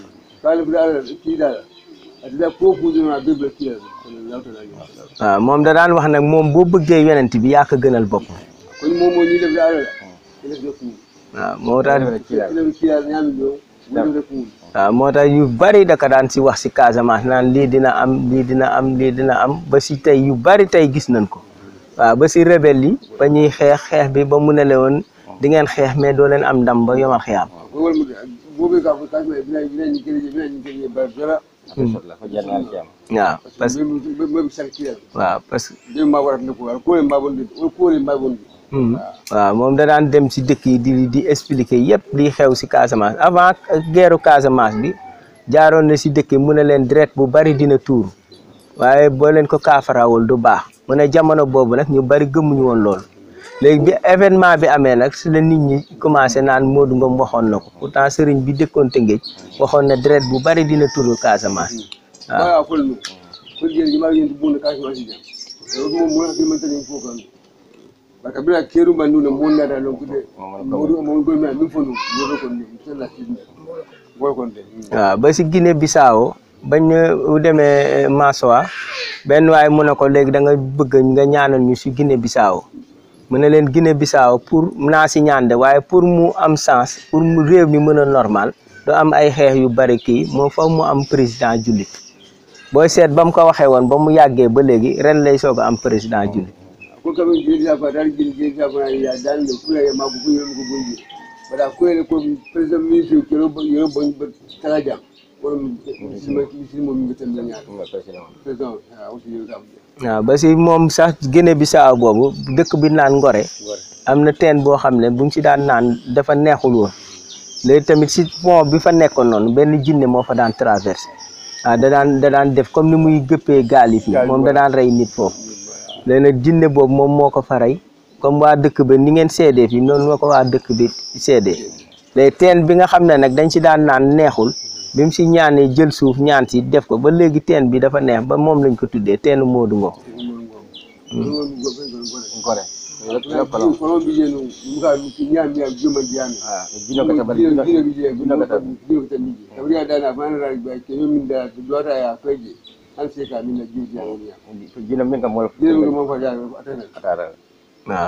waaw moom da daan wax nag moom boo bëggee yonent bi yaa ko gënal bopp. kon moom moo ñuy def daal la. waaw moo tax. yu bari da daan si wax si Casamance naan lii dina am lii dina am lii dina am ba si tey yu bari tey gis nañ ko waaw ba si rebelle ba ñuy xeex xeex bi ba mu ne woon di ngeen xeex mais doo leen am ndam ba yomal xiyaam. waaw parce que moom sacrifice waaw parce que maa war hmm. waaw moom da dem si dëkk yi di di expliquer yëpp liy xew si Casamance avant geeru Casamance bi jaaroon na si dëkk yi mu ne leen deret bu bari dina tuur waaye boo leen ko kaafarawul du baax mu ne jamono boobu nag ñu bari gëmmuñu woon lool léegi bi événement bi amee nag su la nit ñi commencé naan Modou Ngom waxoon na ko pourtant sëriñ bi dëkkoon Tëngéej waxoon na deret bu bari dina tuur Casamance hmm. Ah. baya fulmi kujiyar gimar yin dubu da kashi wasu jan da kuma mura fi mata yin fokan ba ka bila keru nuna da de ah ba gine bisawo bañ demee eh, Masoa benn waay mu ne ko léegi da nga bëgg nga ñaanal ñu ne de mu am sens mu réew mi normal du am ay xeex yu mu am président julit boy set bam ko waxe won ba yagge ba legi ren lay soga am president oh. jul ko kamin jirgi apa dar jirgi apa ya dal da kula ya magu kula mu gungi bada ba da ko president ministre ko ro yo bon talaja ko sima ki sima mom ngi tan la ñaar president ah wuti yo tam ah ba si mom sax bi sa googu dekk bi nan ngore amna na bo xamne xam ne buñ ci daan nan dafa neexul woon léegi tamit ci pont bi fa nekkon non ben jinne mo fa daan traverser ah da daan da def comme ni muy gëppe gaal yi fii moom da daan rey nit foofu léegi nag jinne boobu moom moo ko fa rey comme waa dëkk ba ni ngeen seedee fii noonu moo ko waa dëkk bi seedee léegi teen bi nga xam ne nag dañ si daan naan neexul bi mu si ñaanee jël suuf ñaan si def ko ba léegi teen bi dafa neex ba moom lañ ko tuddee teenu Modou Ngo. waaw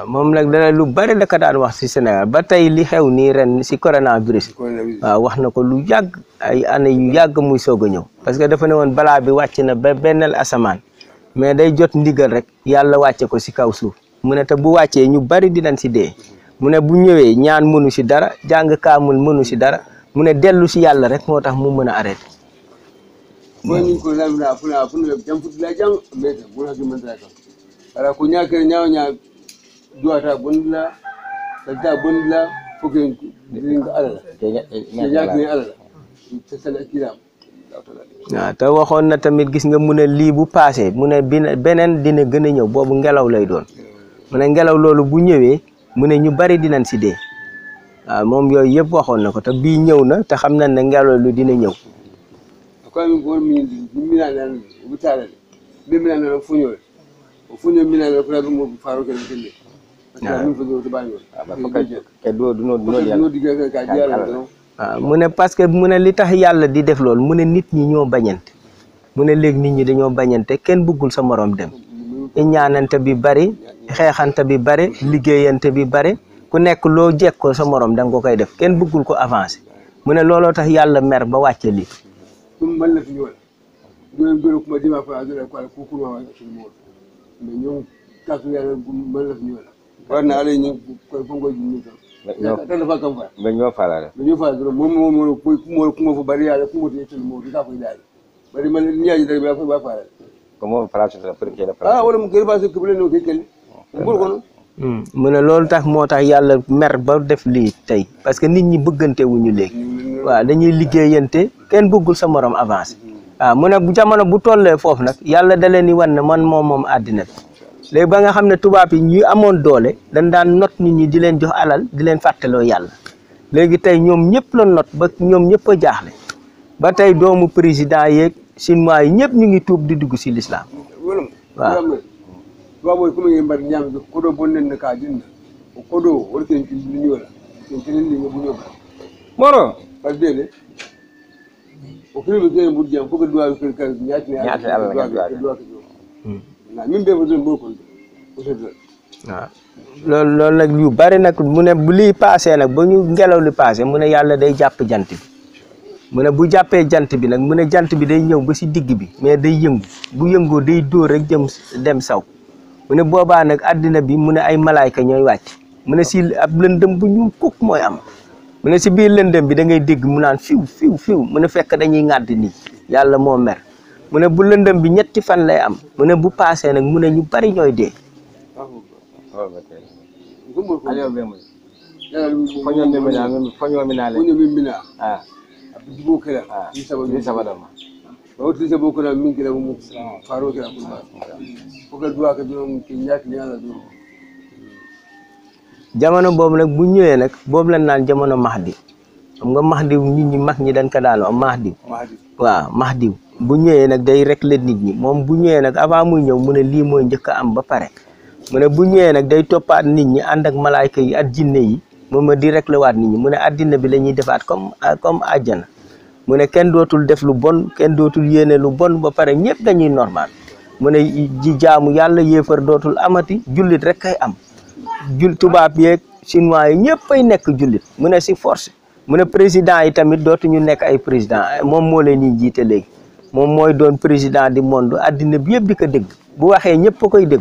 moom nag dana lu bari la ko daan wax si Sénégal ba tey li xew nii ren si coronavirus waaw wax na ko lu yàgg ay année yu yàgg muy soog a ñëw parce que dafa ne woon balaa bi wàcc na ba bennal asamaan mais day jot ndigal rek yàlla wàcce ko si kaw suuf mune ta bu wacce ñu bari di si ci dé mune bu ñëwé ñaan mënu ci dara jang kaamul mënu ci dara mune déllu ci yalla rek motax mu mëna mo ñu ko na fu ne dellu si yàlla rek moo tax mu mën a arrêté ara ah, ah, ku ñaké ñaaw ñaa duwata bondula ala la ñaa ñaa alala ñaakere alala te sala kiram na ta waxon na tamit gis nga mune li bu passé mune benen dina gëna ñëw bobu ngelaw lay doon mune ngelaw lolou bu ñewé mune ñu bari dinañ ci dé waaw mom yoy yépp waxon nako ko bi ñew na te xam nañ ne ngelaw lu dina ñew ñëw ofunyo mina na kula bimu faru kene kene na mi fudu to banyo e do do lan ko no diga faaru jara do mune parce que mune ah, li tax yalla di def lol mune nit ñi ñoo bañante mune leg nit ñi dañoo bañante kenn bëggul sa morom dem ñaanante bi bari xeexante bi bari liggéeyante bi bari ku nekk loo jekkoo sa morom da nga ko koy def kenn bëggul ko avancé mu ne looloo tax yàlla mer ba wàcce lii warna ala ñi ko fongo ñi tan tan fa kam fa ben yo fala la ben yo fala do mo mo mo ko mo ko mo fa bari ya ko mo te tan mo ta fa dai bari man ñi ya ji da ba fa ba fala comme place la pour kele ah wala mu gel basu kibule no kele ngul ko mu ne loolu tax moo tax mer ba def li tey parce que nit ñi bëggante wuñu léegi wa dañuy liggéeyante kenn bëggul sa morom avancé waaw ah, mu ne bu jamono bu tollee foofu nag yàlla da leen wan ne man mom mom àddina bi léegi ba nga xam ne tubaab yi ñuy amoon doole dañ daan not nit ñi di leen jox alal di leen fàttaloo yàlla léegi tey ñoom ñëpp la not ba ñoom ñëpp a jaaxle ba tey doomu président yek sin yi ñëpp ñu ngi tuub di dugg si lislaam waaw tubaabo kuma ngi mbar ñam kodo bonnen na ka jinda kodo wala ken ci ni wala ken ci ni ngi buñu ba moro ba dele o kiri be gene bur jam foga duwa ko kan ñaati ne ñaati Allah ñaati duwa ko na min be bozen lol lol nak yu bari nak bu li passé nak ñu ngelaw li passé day jant bi mune buja bu jappé jant bi nak mune jant bi day ñew ba ci digg bi mais day yëngu bu yëngoo day dóor rek dem dem saw mune boba nak adina bi mune ay malaika ñoy wacc mune ci si ab lendem bu ñu kuk moy am mune ci si lendem bi da ngay digg mu naan fiw fiw fiw mune fekk dañuy ngad ni yalla mo mer mune bu lendem bi ñetti fan lay am mune bu passé nak mune ñu bari mi ah bukira ni ah, sabalama ah, jamono boobu nag bu ñëwee nag boobu lañ naan jamono di xam nga mahdi nit ñi mag ñi dañ ko daan max mahdi waaw mahdi bu ñëwee nag day rek la nit ñi moom bu ñëwee nag avant muy ñëw mu ne lii mooy a am ba pare mu ne bu ñëwee nag day toppaat nit ñi ànd ak malaayka yi at jinne yi moom ma di rek la waat ni ñi mu ne addina bi lañuy defaat comme comme àjjana mu ne kenn dootul def lu bon kenn dootul yéene lu bon ba pare ñëpp dañuy normal mu ne ji jaamu yàlla yéefar dootul amati jullit rek ay am jul tubaab yeeg chinois yi ñëpp ay nekk jullit mu ne si force mu ne président yi tamit dootuñu nekk ay président moom moo leen di jiite léegi moom mooy doon président du monde addina bi yëpp di ko dégg bu waxee ñëpp koy dégg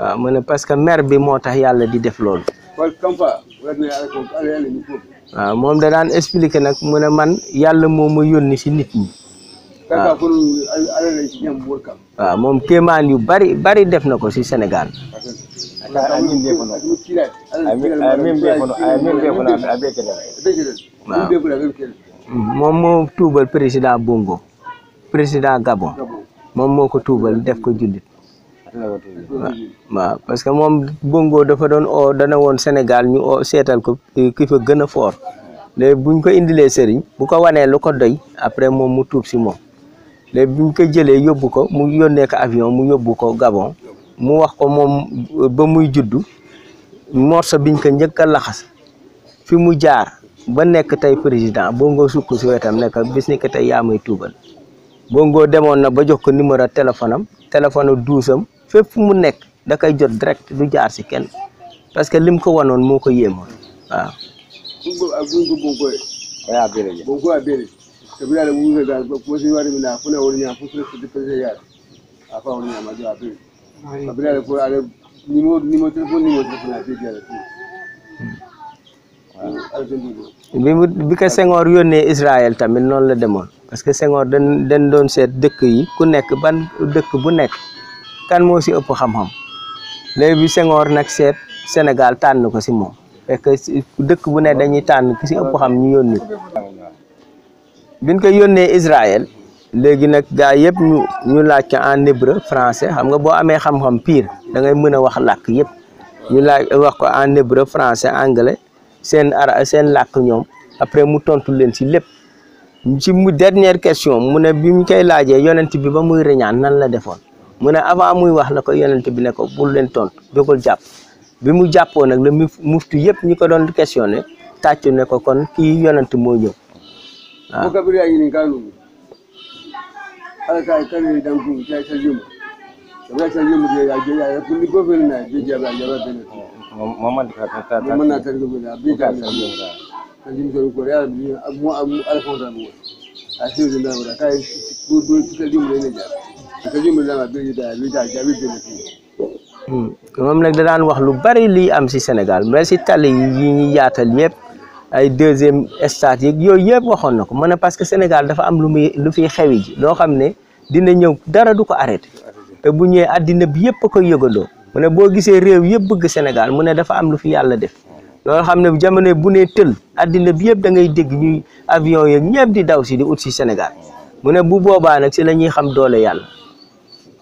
waaw mu ne parce que mer bi moo tax yàlla di def loolu waaw moom da daan expliquer nag mu ne man yàlla moom mu yónni si nit ñi waaw waaw moom kéemaan yu bari bari def na ko si senegal mm, moom moo tuubal président Bongo président Gabon moom moo ko tuubal def ko jullit waaw parce que moom Bongo dafa doon oo dana woon Sénégal ñu oo seetal ko eh, ki fa gën a foor léegi buñ ko indilee sëriñ bu ko wanee lu ko doy après moom mu tuub si moom léegi buñ ko jëlee yóbbu ko mu yónnee ko avion mu yóbbu ko Gabon mu wax ko moom eh, ba muy juddu morso biñ ko njëkk a laxas fi mu jaar ba nekk tey président Bongo sukk si wetam nekk bis ni ko tey yaa may tuubal Bongo demoon na ba jox ko numéro téléphone am téléphone duusam fépp fu mu nekk da jot direct du jaar si kenn parce que lim ko wanoon moo ko yéemoon waaw. bi mu bi ko Senghor yónnee Israël tamit noonu la demoon parce que Senghor dañ dañ doon seet dëkk yi ku nekk ban dëkk bu nekk. kan moo si ëpp xam-xam léegi bi nag seet Sénégal tànn ko si moom fekk dëkk bu ne dañuy tànn ki si ëpp xam ñu yónni ko biñ ko yónnee Israël léegi nag gaa yëpp ñu laaj ko en hébreu français xam nga boo amee xam-xam da ngay mën a wax làkk yëpp ñu laaj wax ko en français anglais seen ara seen làkk ñoom après mu tontu leen si lépp ci mu dernière question mu ne bii mu koy laajee yonent bi ba muy reñaan nan la defoon mu ne avant muy wax la ko yonent bi ne ko bul leen tontu jógal jàpp bi mu jàppoo nag la muftu yep ñi ko doon ko kon kii yonent moo ñëw waaw alaka kan dan kun ta ta yum ta ta yum je ya je ya kun go bil je je ba je ba bil ka ta ta mamad na ta go bil ka ta yum da kan yum ko ko ya bi mu alfon da mu da ne Hmm. moom nag da daan wax lu bari lii am si Sénégal mais si tali yi ñuy yaatal yëpp ay deuxième stade yeeg yooyu yëpp waxoon na ko mu ne parce que Sénégal dafa am lu muy lu fiy xewi ji loo xam ne dina ñëw dara du ko arrêté te bu ñëwee àddina bi yëpp a koy yëgandoo mu ne boo gisee réew yëpp bëgg Sénégal mu ne dafa am lu fi yàlla def loolu xam ne jamono bu ne tël àddina bi yëpp da ngay dégg ñuy avion yeeg ñëpp di daw si di ut si Sénégal mu ne bu boobaa nag si la ñuy xam doole yàlla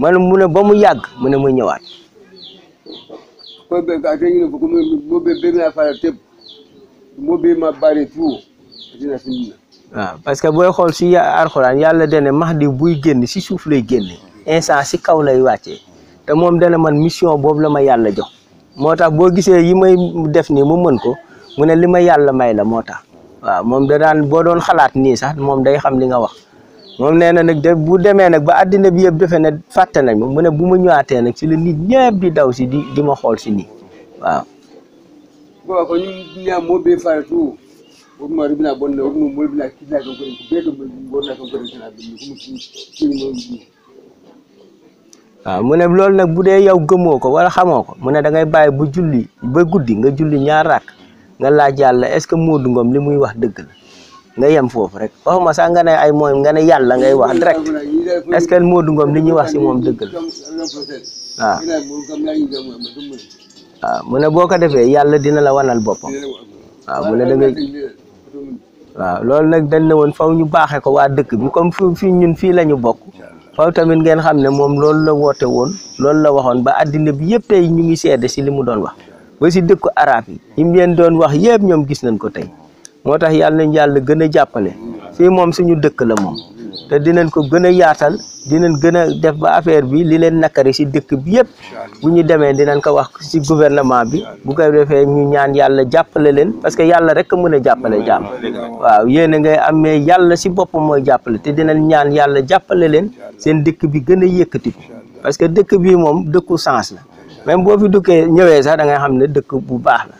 man mu ba mu yàgg mu ne ñëwaat. ma bari tu parce que booy xool si alxuraan yàlla dene Mahdi buy génn si suuf lay génne instant si kaw lay wàccee te moom dana man mission boobu la ma yàlla jox moo tax boo gisee yi may def nii mu mën ko mu ne li ma yàlla may la moo tax waaw moom da daan boo doon xalaat nii sax moom day xam li nga wax mom neena nak de bu deme nak ba adina bi yeb defe ne fàtte nañ mom mune buma bu nak ci le nit ñëpp di daw ci di di ma xool si nii waaw. waaw kon ñu ñaam mo be faale tout wog ma ribina bon na mo mo ribina ci la ko ko be ko bo na ko ci na bi ko ci ci mo ngi waaw mune lool nak nag bu dee yow gëmoko wala xamoko mune da ngay baye bu julli ba guddii nga julli ñaar rak nga la jall est ce que Modou Ngom limuy wax deug la nga yem foofu rek waxuma sax nga ne ay mooy nga ne yàlla ngay wax direct est-ce que Modou Ngom li ñuy wax si moom dëgg la waaw mu ne boo ko defee yàlla dina la wanal boppam waaw mu ne da ngay waaw loolu nag dañ ne woon faw ñu baaxee ko waa dëkk bi comme fi fii ñun fii la ñu bokk faw tamit ngeen xam ne moom loolu la woote woon loolu la waxoon ba àddina bi yëpp tey ñu ngi seede si li mu doon wax ba si dëkk arab yi ñi mu leen doon wax yëpp ñoom gis nañ ko tey moo tax yàlla nañ yàlla gën a jàppale fii moom suñu dëkk la moom te dinañ ko gën a yaatal dinañ gën a def ba affaire bi li leen nakari si dëkk bi yëpp bu ñu demee dinañ ko wax si gouvernement bi bu koy defee ñu ñaan yàlla jàppale leen parce que yàlla rek a mën a jàppale jàmm waaw yéen a ngay amee yàlla si boppam mooy jàppale te dinañ ñaan yàlla jàppale leen seen dëkk bi gën a yëkkati ko parce que dëkk bii moom dëkku sens la même boo fi dukkee ñëwee sax da xam ne dëkk bu baax la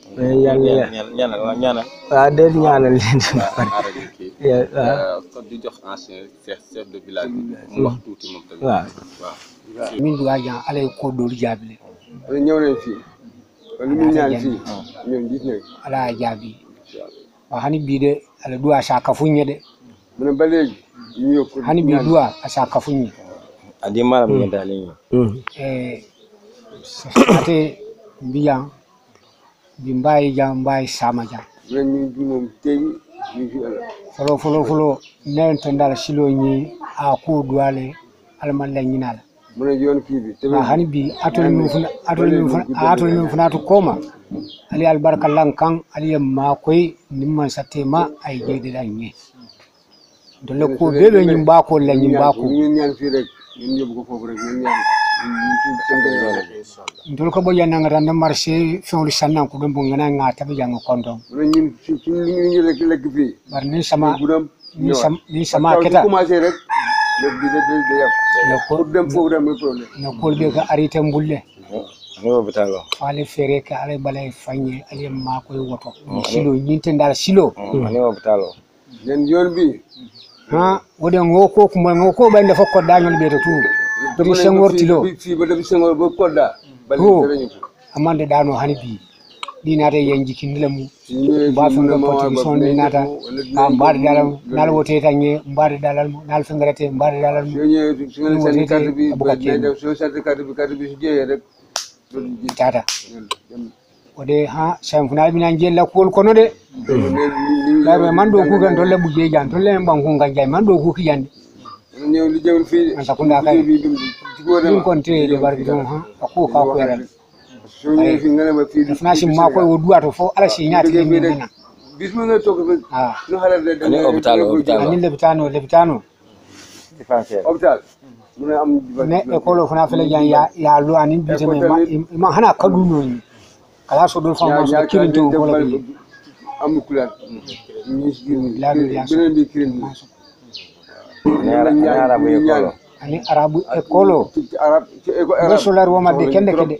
ñaanal iya, iya, ñaanal iya. ñaanal waaw déet ñaanal di jox ancien chef chef de village mu wax tuuti moom tamit waaw min duga jan ala ye ko doolu jaabile ñëw nañ fii lu ñu ñaan fii ñoom gis nañ ala jaabi waaw hani bii de ala hani bii duwa a saa kafuñ ñe adi maram ñe hmm. hmm. eh ate mbiyan bi mbaay jàmm mbaay saama jàmm ren ñu ngi moom tey folo folo folo nen to ndala silo ñi a ko duwale alma la ñinal mona yon ki bi te hani bi atol mi funa atol mi funa atol mi funa to koma ali albarka lankan ali ma koy nimman satema ay jeede la ñi dole ko bebe ñi mbako la ñi mbako ñi ñaan fi rek ñun ñëb ko fofu rek ñun ñaan dulu ko bo yananga tan no marché fewlu sannan ko ɗum bo yana ngata ɓe jango kondom bar ni sama ni sama keta nokol ɓe ka arita mbulle faale feere ka alay bala e fañe alaye makoye woto silo ñinte ndara silo nden yon bi ha woɗen ngoko ko kumal ngo ko ɓaynde fof koddañol bi shangortilo fi bada bi shangor bo kodda balle amande dano hani bi ɗi naata yen jikindila mum mbafenga poti son ɗi naata a mbaɗo dalal nal wote tañe mbaɗo dalal mum nal fengarete mbaɗo dalal mum tata ode ha sanfunaɓe nan jeel lakkuwol kono de laɓe man ɗo kukan tolle ɓujeejan tolle en ɓankungan jay man ɗo kuki jande ñew li jëwul fii Antakunda kay ɗum kontireede warde ɗum han a kuu ka koyeral fnasi ma koye o duwato fof ala si ñaatiɗe mina anin lebitano lebitano neɗɗo kolo fana fele jan ya lo anin biiteme ma hana kaɗunoni kala so ɗo fama so kirinto kola ɓe laɗo ya so Ini, ara, ini arabu ye kolo. Ani arabu e eh, kolo. Arab arab. Solar wo kende kede.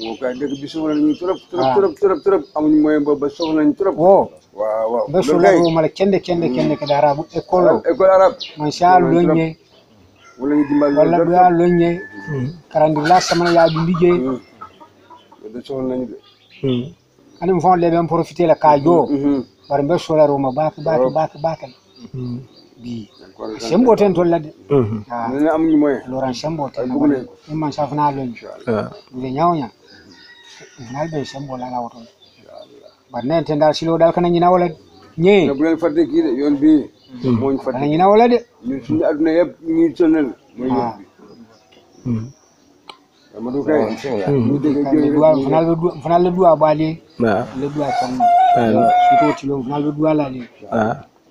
Wo kende ke bisola ni ah. turap turap turap turap turap amun moy ba ba sohna ni turap. Wo. Wa Besular Be solar kende kende kende kede arabu e eh, kolo. E arab. Masya Allah lonye. Wala ni dimbal. Wala do ya lonye. Karandi la sama ya du liggey. Be sohna ni de. Hmm. Ani mo fon lebe en profiter la kajo. Hmm, hmm, hmm. Bar be solar wo ma bak bak bak bak. Kan. Hmm. bi sembo ten tollade mhm. ah. nana am ñumoye loran sembo ten imman safna loñ ah. nde ñawña nal ɓe sembo lala woton bat nen ten dal silo dal kana ñina wala de ñe bulen fadde kiide yon bi mhm. moñ fadde ñina wala de min suñu aduna yeb ñi tonel moy yon bi ah. mhm. amadou kay ñu dege jori fanal le duwa fanal le duwa baali le duwa tan surtout ci lo fanal le duwa laali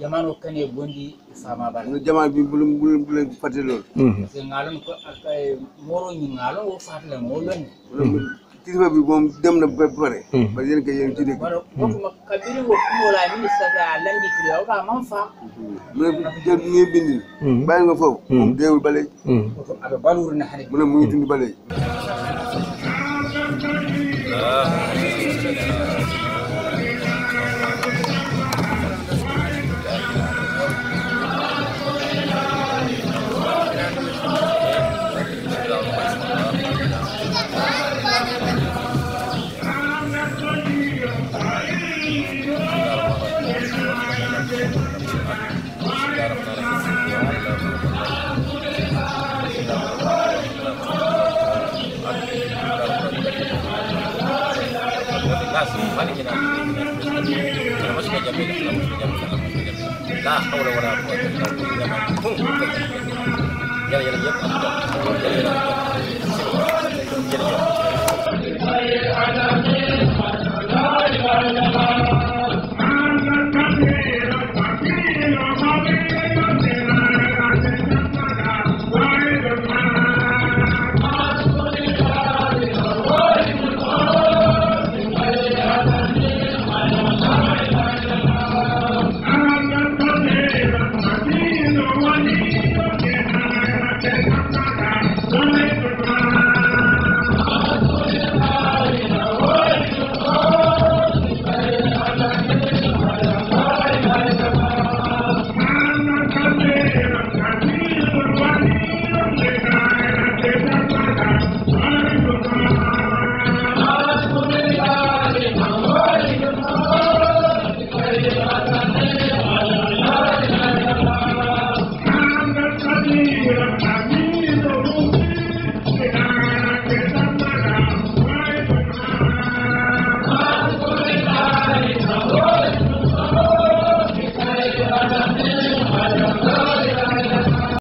jamano kane bondi fama bala no jama bi bulum bulum mhm. dem na ba pare parce mhm. que yéen kay yéen ci dégg bokkuma kabiri wo kumola min sata landi ki yaw ka fa mais mhm. jël ni bindil bàyyi nga foofu moom deewul bale abe balur na xane mu maliki na wala